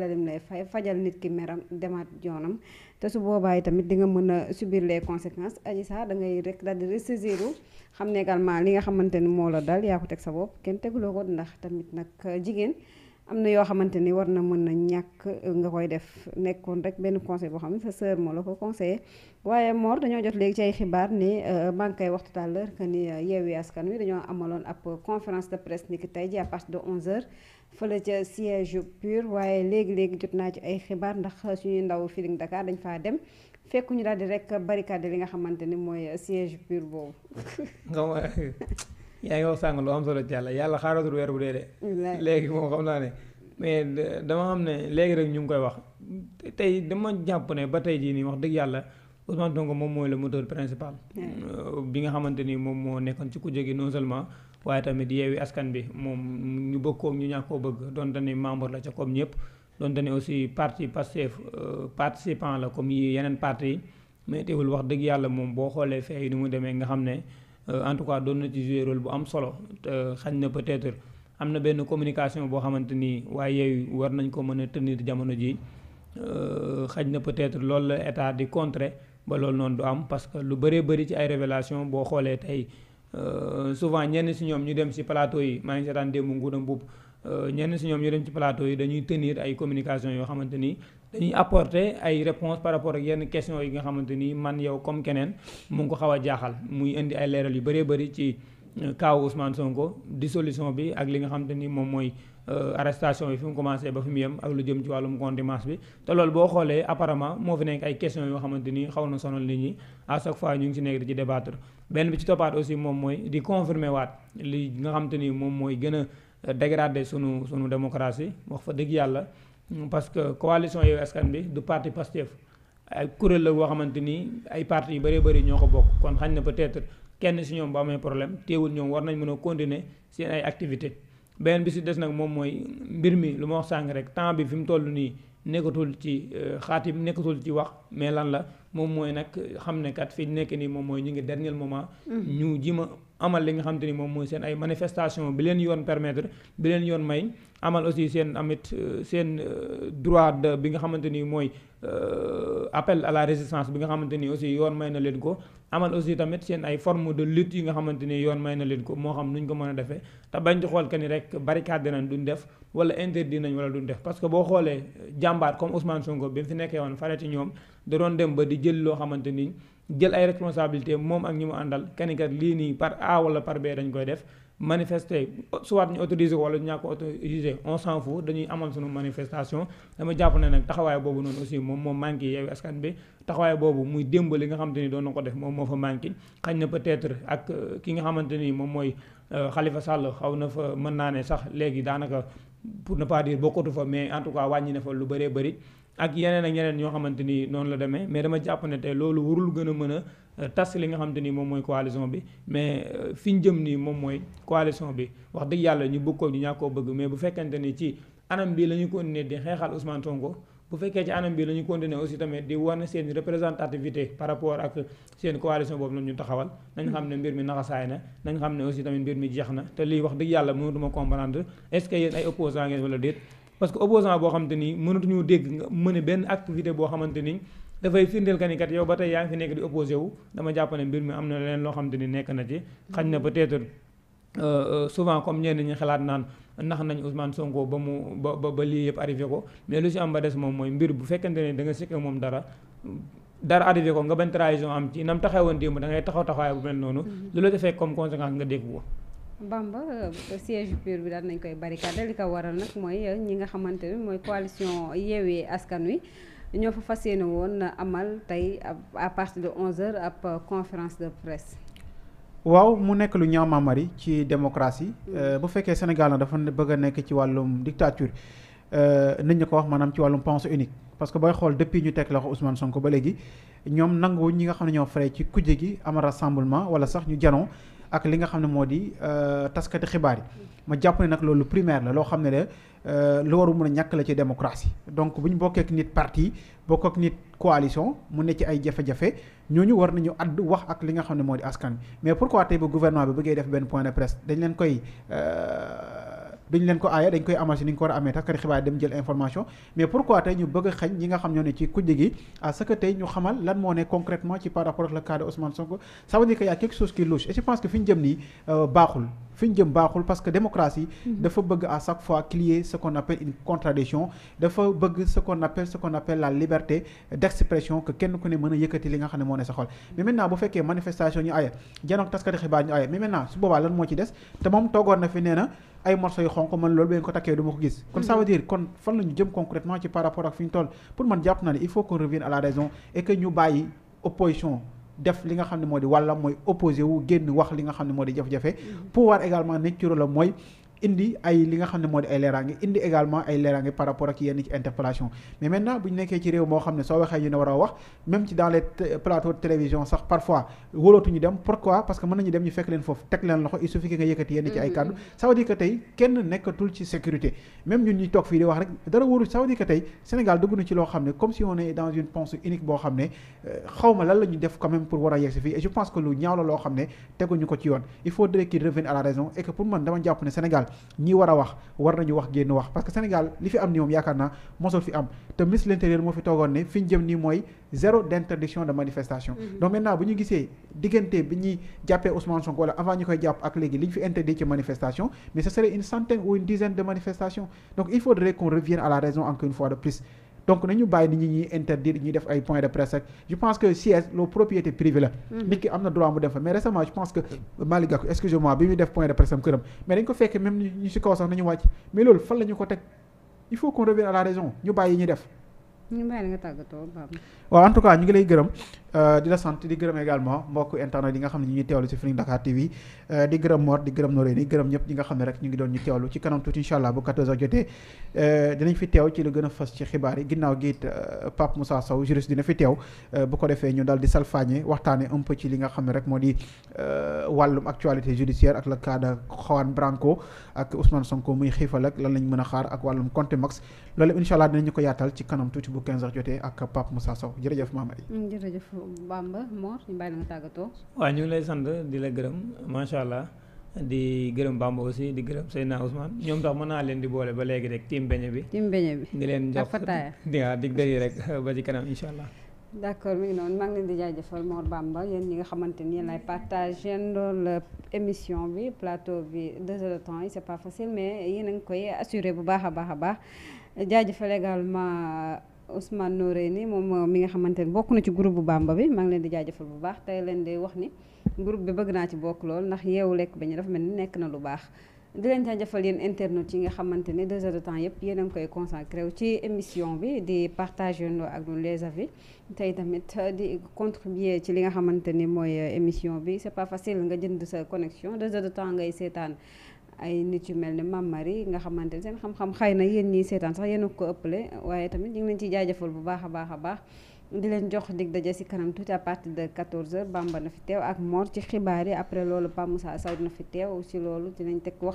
la lim lay fay fajal nit ki meram demaat yoonam te su boobaa tamit di nga mën a subir les conséquence Adji Sarr da ngay rek daal di xam ne également li nga xamante ni moo la dal yaa ko teg sa bopp kenn teguloo ko ndax tamit nag jigéen am na yoo xamante ni war na mën a ñàkk nga koy def nekkoon rek benn conseil boo xam ne sa sœur moo la ko conseillé waaye Mor dañoo jot léegi ci ay xibaar ne euh, maa ngi koy wax tout à l'heure que ni euh, Yewwi Askan Wi dañoo amaloon ab conférence de presse tey ji à partir de 11 fële ca siège pur waaye léegi-léegi jot naa ci ay xibaar ndax suñuy ndaw Feeling Dakar dañ faa dem fekk ñu daal di rek barricade li nga xamante ni mooy siège pur boobu yaa ngi wax sàng lu am solo ci yàlla yàlla xaaratul weer bu dee de moom naa ne mais dama xam ne léegi rek ñu ngi koy wax tey dama jàpp ne ba tey jii nii wax dëgg yàlla Ousmane Sonko moom mooy le moteur principal euh, bi nga xamante ni moom moo nekkoon ci ku jóge non seulement waaye tamit yeewi askan bi moom ñu bëgg ko ñu ñàkk koo bëgg donte ni membre la ca comme ñëpp donte ni aussi parti Pastef euh, participant la comme yeneen parti yi mais wax dëgg yàlla moom boo xoolee fee yi ni mu demee nga xam ne euh, en tout cas doon na ci jouer bu am solo te xañ na peut-être am na benn communication boo xamante ni waaye yeewi war nañ ko mën a tenir jamono ji euh, xaj na peut-être loolu la état di contrer ba loolu noonu du am parce que lu bëree bëri ci ay révélation boo xoolee tey Euh, souvent ñenn si ñoom ñu dem si plateau yi maa ngi seetaan démb nguur a mbubb euh, ñenn si ñoom ñu dem ci plateau yi dañuy tenir ay communication yoo xamante ni dañuy apporter ay reponse par rapport ak yenn questions yi nga xamante ni man yow comme keneen mu ngi ko xaw a jaaxal muy indi ay leeral yu bëree bëri ci kaaw Ousmane Sonko dissolution bi ak li nga xam te ni moom mooy euh, arrestation yi fi mu commencé ba fi mu yem ak lu jëm ci wàllu wàllum contumace bi te lool boo xoolee apparemment moo fi nekk ay questions yoo xamante ni xaw na sonal nit ñi à chaque fois ñu ngi si nekk di ci débattre benn bi ci toppaat aussi moom mooy di confirmer waat li nga xam te ni moom mooy gën a euh, dégrader sunu sunu démocratie wax fa dëgg yàlla parce que coalition Yewwi Askan bi du parti Pastef ay kuréel la boo xamante ni ay parti yu bëree bëri ñoo ko bokk kon xañ na peut-être kenn si ñoom ba amee problème teewul ñoom war nañ mën a continuer seen ay activité beneen bi si des nag moom mooy mbir mi lu ma wax sànq rek temps bi fi mu toll nii nekkatul ci euh, xaatim nekkatul ci wax mais lan la moom mooy nag xam ne kat fi nekk nii moom mooy ñu ngi dernier moment. Mm. ñu ji ma amal li nga xamante te ni moom mooy seen ay manifestation bi leen yoon permettre bi leen yoon may amal aussi seen amit euh, seen euh, droit de bi nga xamante ni mooy euh, appel à la résistance bi nga xamante ni aussi yoon may na leen ko amal aussi tamit seen ay forme de lutte yi nga xamante ni yoon may na leen ko moo xam nuñ ko mën a defee te bañ di xool que ni rek barricade nañ duñ def wala interdit nañ wala duñ def parce que boo xoolee jàmbaar comme Ousmane Sonko bi mu fi nekkee woon fare ñoom da loo xamante jël ay responsabilité moom ak ñi mu àndal kanikat lii nii par A wala par B dañu koy def manifester soit ñu autorisé ko wala ñu ñaa ko autorisé on san fout dañuy amal sunu manifestation dama jàpp ne nag taxawaay boobu noonu aussi moom moo manqué yeewu askan bi taxawaay boobu muy démb li nga xamante ni doon na ko def moom moo fa manqué xañ na peut-être ak euh, ki nga xamante ni moom mooy xalifa euh, Sall xaw na fa mën naa ne sax léegi daanaka pour ne pas dire bokkatu fa mais en tout cas wàññi na fa lu bëree bëri ak yeneen ak yeneen yoo xamante ni noonu la deme mais dama jàpp ne tey loolu warul gën a mën a euh, li nga xamante ni moom mooy coalition bi mais euh, fi ñu jëm moom mooy coalition bi wax dëgg yàlla ñu bëgg ko ñu ñàkk koo bëgg mais bu fekkente ni ci anam bi la ñu continuer xeexal Ousmane Sonko bu fekkee ci anam bi la ñu aussi tamit di wane seen représentativité par rapport ak seen coalition boobu la ñu taxawal nañ xam ne mbir mi naxasaay na nañ xam ne aussi tamit mbir mi jeex na te lii wax dëgg yàlla mënatuma comprendre est-ce que yéen ay opposants ngeen wala déet parce que opposant boo xamante ni mënatuñu dégg nga mën benn activité boo xamante ni dafay firndeel ka yow ba tey yaa fi nekk di opposé wu dama jàpp ne mbir am na leneen loo xamante ni nekk na ci xañ na peut-être euh, euh, souvent comme ñenn ñi xalaat naan nax nañ Ousmane Sonko ba mu ba ba lii yëpp arrivé ko mais lu si am des moom mooy mbir bu fekkente ne da nga sikk moom dara dara arrivé ko nga bañ trahison am ci nam taxawoon démb da ngay taxaw taxawaay bu mel noonu. Mm-hmm. lu la defee comme conséquence nga dégg ko. Bamba siège pur bi daal nañ koy barricade li ko waral nag mooy euh, ñi nga xamante ni mooy coalition Yewwi Askan Wi ñoo fa fas yéene woon na amal tey à partir de 11h ab conférence de presse. waaw mu nekk lu ñaaw maamari ci démocratie. Mm. Euh, bu fekkee Sénégal na dafa bëgg a nekk ci wàllum dictature euh, nit ñi ko wax maanaam ci wàllum pensée unique. parce que booy xool depuis ñu teg loxo Ousmane Sonko ba léegi ñoom nanguwuñ ñi nga xam ne ñoo fare ci kujje gi am rassemblement wala sax ñu janoo ak li nga xam ne moo di euh, taskati xibaar yi ma jàpp ne nag loolu primaire la loo xam ne la euh, lu waru mun a ñàkk la ci démocratie donc bu ñu bokkee nit parti bokk ak nit coalition mu ne ci ay jafe-jafe ñu war nañu àdd wax ak li nga xam ne moo di askan bi mais pourquoi tey ba gouvernement bi bëggee def benn point de presse dañ leen koy. Euh, duñ leen ko aaya dañ koy amal si ni ñu ko war a amee taskati xibaar dem jël information mais pourquoi tey ñu bëgg a xañ ñi nga xam ñoo ne ci kujje gi à ce que tey ñu xamal lan moo ne concrètement ci par rapport ak le cas de Ousmane Sonko ça veut dire que a quelque chose qui louche et je pense que fi ñu nii euh, baaxul fi ñu jëm baaxul parce que démocratie mhm. dafa bëgg à chaque fois qu'il y ait ce qu'on appelle une contradiction dafa bëgg ce qu'on appelle ce qu'on liberté d'expression que kenn ku ne mën a yëkkati li nga xam ne moo ne sa xol mais maintenant bu fekkee manifestation ñu aye janook taskati xibaar ñu aye mais maintenant su boobaa lan moo ci des te moom toogoon na fi nee na ay morceaux yu xonk man loolu ba ko takkee du ko gis kon ça mhm. veut kon fan la jëm concrètement def li nga xam ne moo di wàllam mooy opposé wu génn wax li nga xam ne moo di jafe-jafe mm-hmm. pouvoir également nekk la mooy indi ay li nga xam ne moo di ay leeraange indi également ay leeraange par rapport ak yenn ci interpellation mais maintenant bu ñu nekkee ci réew moo xam ne soo waxee ñu ne war wax même ci dans les télévision sax parfois wóolootuñu dem pourquoi parce que mën nañu dem ñu fekk leen foofu teg leen loxo il suffit que nga yëkkati yenn ci ay mm-hmm. kàddu ça veut tey kenn nekkatul ci sécurité même ñun ñuy toog fii di wax rek dara wóoru ça veut tey Sénégal dugg loo xam ne comme si on est dans une pensée unique boo ñi war a wax war nañu wax génn wax parce que Sénégal li fi am ni moom yaakaar na mosul fi am te ministre de l'intérieur moo fi toogoon ne fi ñu ni nii mooy zéro d'interdiction de manifestation mm-hmm. donc maintenant bu ñu gisee diggante bi ñuy jàppee Ousmane Sonko wala avant ñu koy jàpp ak léegi li ñu fi interdit mais ce serait une centaine ou une dizaine de manifestations donc il faudrait qu'on revienne à la raison encore une fois de plus donc nañu bàyyi nit ñi ñuy interdire ñuy def ay point de presse rek je pense que siège loolu propriété privée la mhm. nit ki am na droit mu dem fa mais récemment je pense que mhm. Malick Gakou excusez-moi bi muy def point de presse am këram mais dañ ko fekk même ñu si kaw sax nañu wàcc mais loolu fan la ñu ko teg il faut qu'on revienne à la raison ñu bàyyi ñuy def waaw en cas ñu ngi lay gërëm euh, di la sant di gërëm également mbokk internet yi nga xam ne ñu ngi teewlu ci Feeling Dakar TV euh, di gërëm Mor di gërëm Noreyni gërëm ñëpp ñi nga xam ne rek ñu ngi doon ñu teewlu ci kanam tuuti incha allah bu 14 jotee euh, dinañ fi teew ci lu gën a fës ci xibaar ginnaaw gi it Pape Moussa Sow juriste dina fi teew bu ko defee ñu daal di salfaañe waxtaane un peu ci li nga xam ne rek moo di wàllum actualité judiciaire ak le cas de Juan Branco ak Ousmane Sonko muy xiifal ak lan lañ mën a xaar ak wàllum Conté Max loolu incha allah dinañu ko yaatal ci kanam tuuti bu 15h jotee ak Pape Moussa Sow jërëjëf Mame Marie. Mm, jërëjëf Bamba Mor ñu bàyyi la nga tàggatoo. waaw ñu ngi lay di la gërëm macha allah di gërëm Bamba aussi di gërëm Seydina Ousmane ñoom tax mën naa leen di boole ba léegi rek team beñe bi. team leen jox waaw ah, dig ba ci kanam incha allah. d' accord mi ngi noonu maa ngi leen di jaajëfal Mor Bamba yéen ñi nga xamante ni yéen lay partagé loolu émission bi plateau bi deux heures yi c' est pas facile mais yéen a koy assuré bu baax a baax a baax jaajëfal également. Ousmane Noreyni moom mi nga xamante ne bokk na ci groupe bu Bamba bi maa ngi leen di jaajëfal bu baax tey leen de wax ni groupe bi bëgg naa ci bokk lool ndax yeewu lekk ba ñu dafa mel ni nekk na lu baax di leen jaajëfal yéen internet yi nga xamante ne deux heures de temps yëpp yéen a koy consacré wu ci émission bi di partager ndoo ak ñun les avis tey tamit euh, di contribuer ci li nga xamante ni mooy euh, émission bi c'est pas facile nga jënd sa connexion d heures de temps seetaan ay nit yu mel ne Mame Marie nga xamante ne seen xam-xam xëy na yéen ñi seetaan sax yéen a ko ëppale waaye tamit ñu ngi leen ciy jaajëfal bu baax a baax a baax di leen jox dig daje si kanam tuuti à partir de 14h na fi teew ak Mor ci xibaar yi après loolu Pape Moussa Sow na fi teew si loolu dinañ teg wax.